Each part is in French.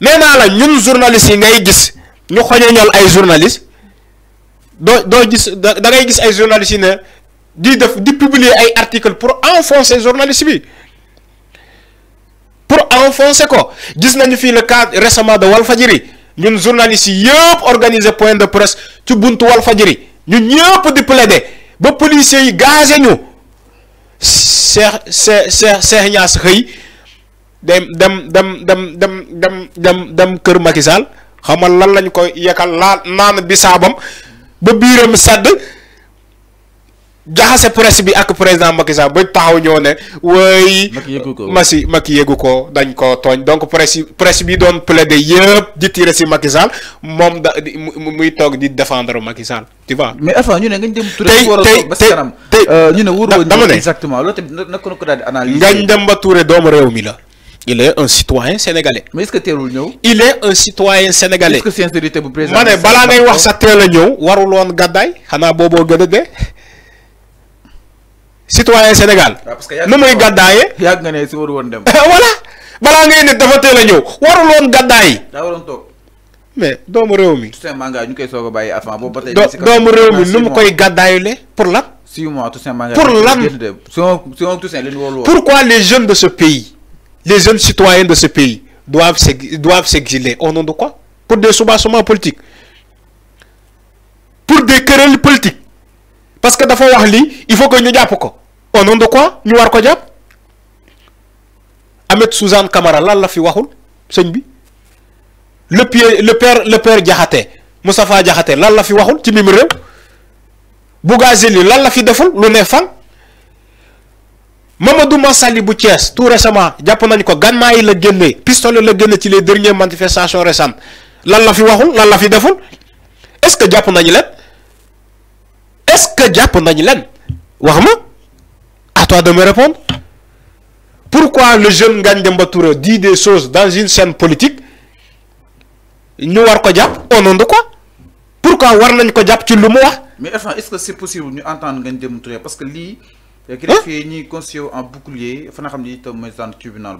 même là les ñun journaliste yi ngay gis ñu xoñoñal ay journaliste do do gis da ngay gis ay journaliste yi di def di publier ay article pour enfoncer les journalistes. pour enfoncer ko gis nañu fi le cas récemment de Walfadjiri ñun journalistes yi organisé organiser point de presse ci buntu Walfadjiri ñun ñëpp di plaider ba policiers yi gazé ñu Cheikh Cheikh Cheikh Cheikh dem dem dem dem dem dem dem dem kër Macky Sall xamal lan lañu koy yekkal laal naan bi saabam ba biiram sedd jaxase presse bi ak président Macky Sall ba taxaw ñëw ne way Massi Macky yëgu ko dañ ko tooñ donc presse presse bi doon plaider yëpp di tirer si Macky Sall moom da muy toog di défendre Macky Sall tu vois. mais Alpha ñu ne Ngagne Demba Touré. tey tey tey euh, ñu ne wóorul exactement loolu tamit na ko daal di analyser. Ngagne Demba réew mi la. il est un citoyen sénégalais. mais est-ce que teelul ñëw. il est un citoyen sénégalais. est-ce que sincérité bu président Mané ne ngay wax sa télé a ñëw warul woon gàddaay xanaa booboo citoyen Sénégal. Ah, nu muy gàddaayee. yàgg nga ne si waru woon dem. Eh, voilà balaa ngay ne dafa teel a ñëw warul woon gaday. daa waroon toog. mais doomu réew mi. Toussaint Manga ñu koy soog a bàyyi avant boobu ba tey. nous réew mi nu Pour koy Si pour lan. six mois Toussaint Manga pour lan. pourquoi les jeunes de ce pays les jeunes citoyens de ce pays doivent s'exiler. Au nom de quoi Pour des soubassements politiques. Pour des querelles politiques. Parce que d'abord, il faut que nous diapo. Au nom de quoi Nous nous quoi Ahmed Suzanne Kamara, là, la fi wahul, bi. Le, le père, le père Diahate, Moussafa Diahate, là, la fi wahul, timimre. Bougazeli, là, la fi deful, le fan. Mamadou Massali Boutiès, tout récemment Japonais nañ ko gagné le pistolet le a ci les dernières manifestations récentes lan la fi waxul lan est-ce que Japonais le? est-ce que Japonais il est wax ma à toi de me répondre pourquoi le jeune Gandem Demba dit des choses dans une scène politique Nous war ko au nom de quoi pourquoi war nañ ko Tu ci mois? mais enfin est-ce que c'est possible d'entendre entendre Ngagne parce que lui greffier hein? fini conseiller en bouclier fa nga xam ne itam mooy tribunal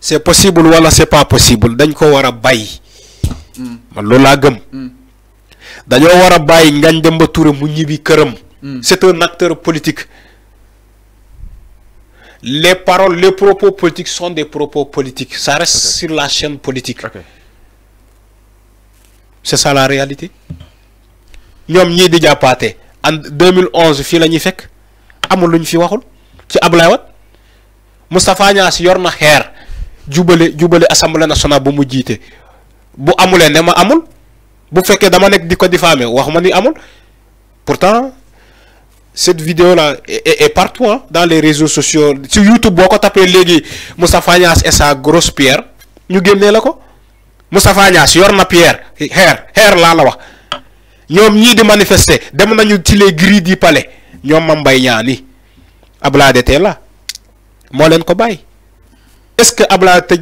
c'est possible wala c'est pas possible dañ ko war a bàyyi. Hmm. man loolu laa gëm. Hmm. dañoo war a Demba Touré mu hmm. c'est un acteur politique. les paroles les propos politiques sont des propos politiques ça reste sur la chaîne politique. c'est ça la réalité. Nous ñi déjà partis. en 2011 Nous lañu fait fekk amul luñ fi waxul ci Moustapha yor na xeer jubale jubale assemblée nationale bu mu bu ma amul bu féké dama di ni pourtant cette vidéo là est, partout hein, dans les réseaux sociaux sur YouTube boko tapé légui et sa grosse pierre ñu la ko pierre xeer xeer la la ñom ñi di manifester dem nañu ci les grilles du palais ñom avons de est-ce que Abla tej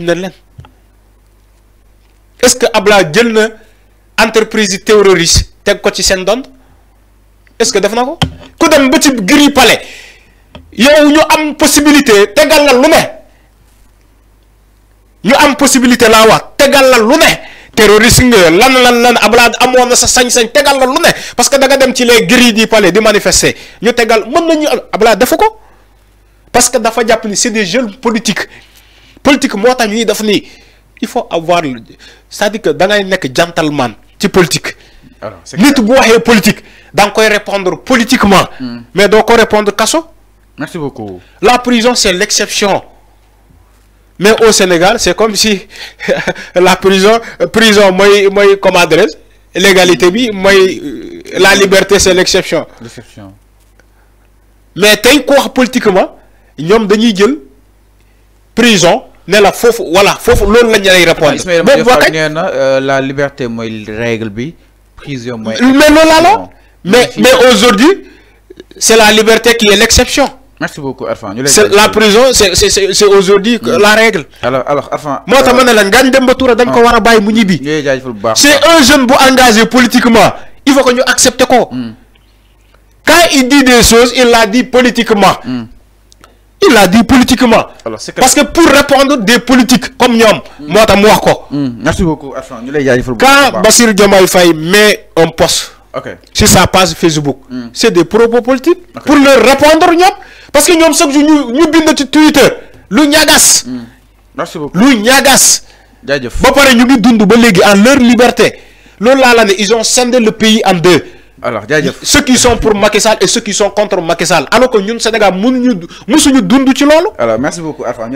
est-ce que Abla jël na entreprise terroriste teg ko ci est-ce que def nako ku dem ba ci grilles palais yow ñu am possibilité tegal la lu ne am possibilité la wax tegal la lu terrorisme lan lan lan ablad amoon sa sañ-sañ tegal la lu né parce que da nga dem ci les grilles du palais di manifester ñu tegal mën nañu ablad defu ko parce que dafa japp ni c'est des jeunes politiques politique moo tax ñuy def il faut avoir c'est-à-dire que da ngay nek gentleman ci politique. nit bu waxee politique da nga koy répondre politiquement. Hmm. mais do ko répondre ça. merci beaucoup. la prison c'est l'exception mais au Sénégal c'est comme si la prison prison comme adresse l'égalité euh, la liberté c'est l'exception mais tant qu'on politiquement ñoom dañuy prison mais la voilà l'a répondre Mais euh, la liberté règle bi prison moi. mais mais aujourd'hui c'est la liberté qui est l'exception Merci beaucoup, Arfan. La prison, c'est aujourd'hui hmm. la règle. Alors, alors Moi, euh, ah. C'est un jeune qui engagé politiquement. Il faut qu'on accepte quoi. Hmm. Quand il dit des choses, il l'a dit politiquement. Hmm. Il l'a dit politiquement. Alors, Parce que pour répondre des politiques comme nous, moi, moi quoi. Merci beaucoup, Arfan. Quand Basir Diomaye Faye met un poste, Okay. sur sa page Facebook. Hmm. c'est des propos politiques. pour leur répondre nous. parce que nous chaque jour ñu bind Twitter lu ñagas. Mm. merci beaucoup lu ñagas. Bon ba pare ñu ngi dund en leur liberté loolu ils ont scindé le pays en deux alors ceux qui sont pour Macky Sall et ceux qui sont contre Macky Sall alors que ñun Sénégal mënuñu mësuñu dund ci loolu. alors merci beaucoup Arfan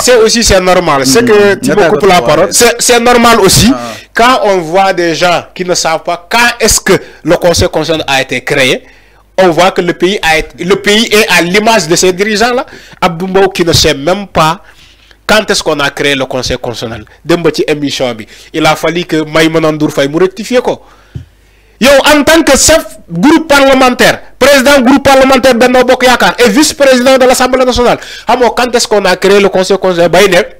c'est aussi normal. c'est mm-hmm. que la parole c'est normal aussi. Ah. quand on voit des gens qui ne savent pas quand est-ce que le Conseil constitutionnel a été créé. on voit que le pays, a été, le pays est à l'image de ces dirigeants-là. Abdoumbo qui ne sait même pas quand est-ce qu'on a créé le conseil constitutionnel. il a fallu que Maïman Andour fasse rectifier. Quoi. Yo en tant que chef groupe parlementaire président groupe parlementaire Benno Bokk et vice-président de l'Assemblée nationale quand est-ce qu'on a créé le conseil constitutionnel?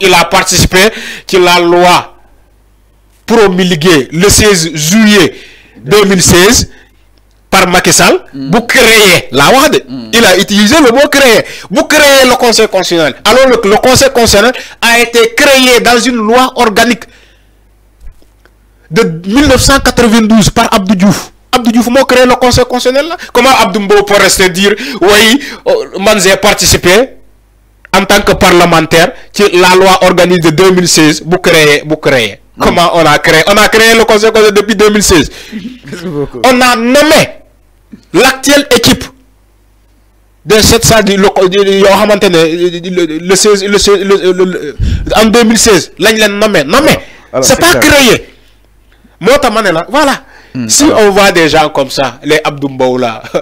il a participé à la loi promulguée le 16 juillet 2016 par Macky Sall. Mm. créer la loi. Mm. il a utilisé le mot créer pour créer le conseil constitutionnel alors le conseil constitutionnel a été créé dans une loi organique de 1992 par Abdou Diouf. Abdou Diouf m'a créé le conseil constitutionnel là. Comment Abdou Mbo peut rester dire oui, euh, man j'ai participé en tant que parlementaire que la loi organise de 2016 vous créez, vous créez. Comment on a créé On a créé le conseil constitutionnel depuis 2016. on a nommé l'actuelle équipe de 700 du, le, le, en 2016 l'année nommé nommé c'est pas créé voilà. Hmm. si on voit des gens comme ça les Abdoumbaoula.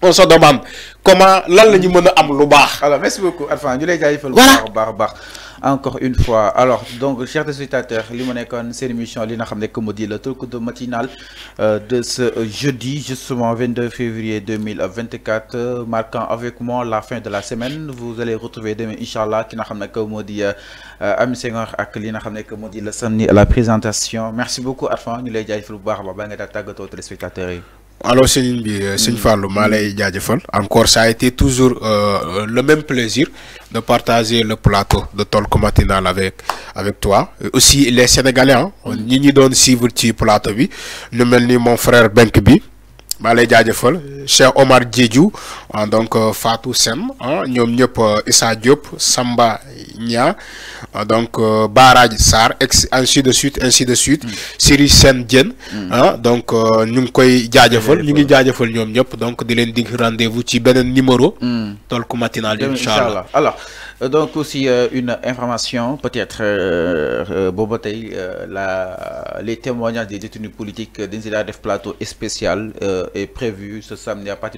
on se demande comment lan lañu mëna am lu alors merci beaucoup Alpha ñu lay bu baax baax encore une fois alors donc chers téléspectateurs li mu nekkoon seen émission li nga xamné comme dit le truc de matinale euh, de ce jeudi justement 22 février 2024 marquant avec moi la fin de la semaine vous allez retrouver demain inchallah qui ki nga xamné ne que moo di Ami Senghor ak li nga xamné que moo la à la présentation merci beaucoup Alpha ñu lay jaajëfal bu baax baax ba nga daal téléspectateurs alors Seigneur bi euh, sëñ mm. Fallou maa mm. lay encore ça a été toujours euh, euh, le même plaisir de partager le plateau de Talk Matinal avec avec toi aussi les Sénégalais on nous donne si suivre ci plateau bi ñu mon frère Benk maa lay Cheikh Omar Diédiou ah, donc euh, Fatou Sène ah, ñoom ñëpp euh, isa Diop Samba Nya ah, donc euh, Baraj sar ex ainsi de suite ainsi de suite. Mm. Siri Sène Diène. Mm. donc ñu koy jaajëfal ñu ngi jaajëfal ñoom ñëpp donc di len rendez-vous ci benen numéro. Mm. tolku Matinal inshallah alors. Euh, donc aussi euh, une information peut-être euh, Boboté, la les témoignages des détenus politiques dañ def plateau spécial est prévu ce samedi à partir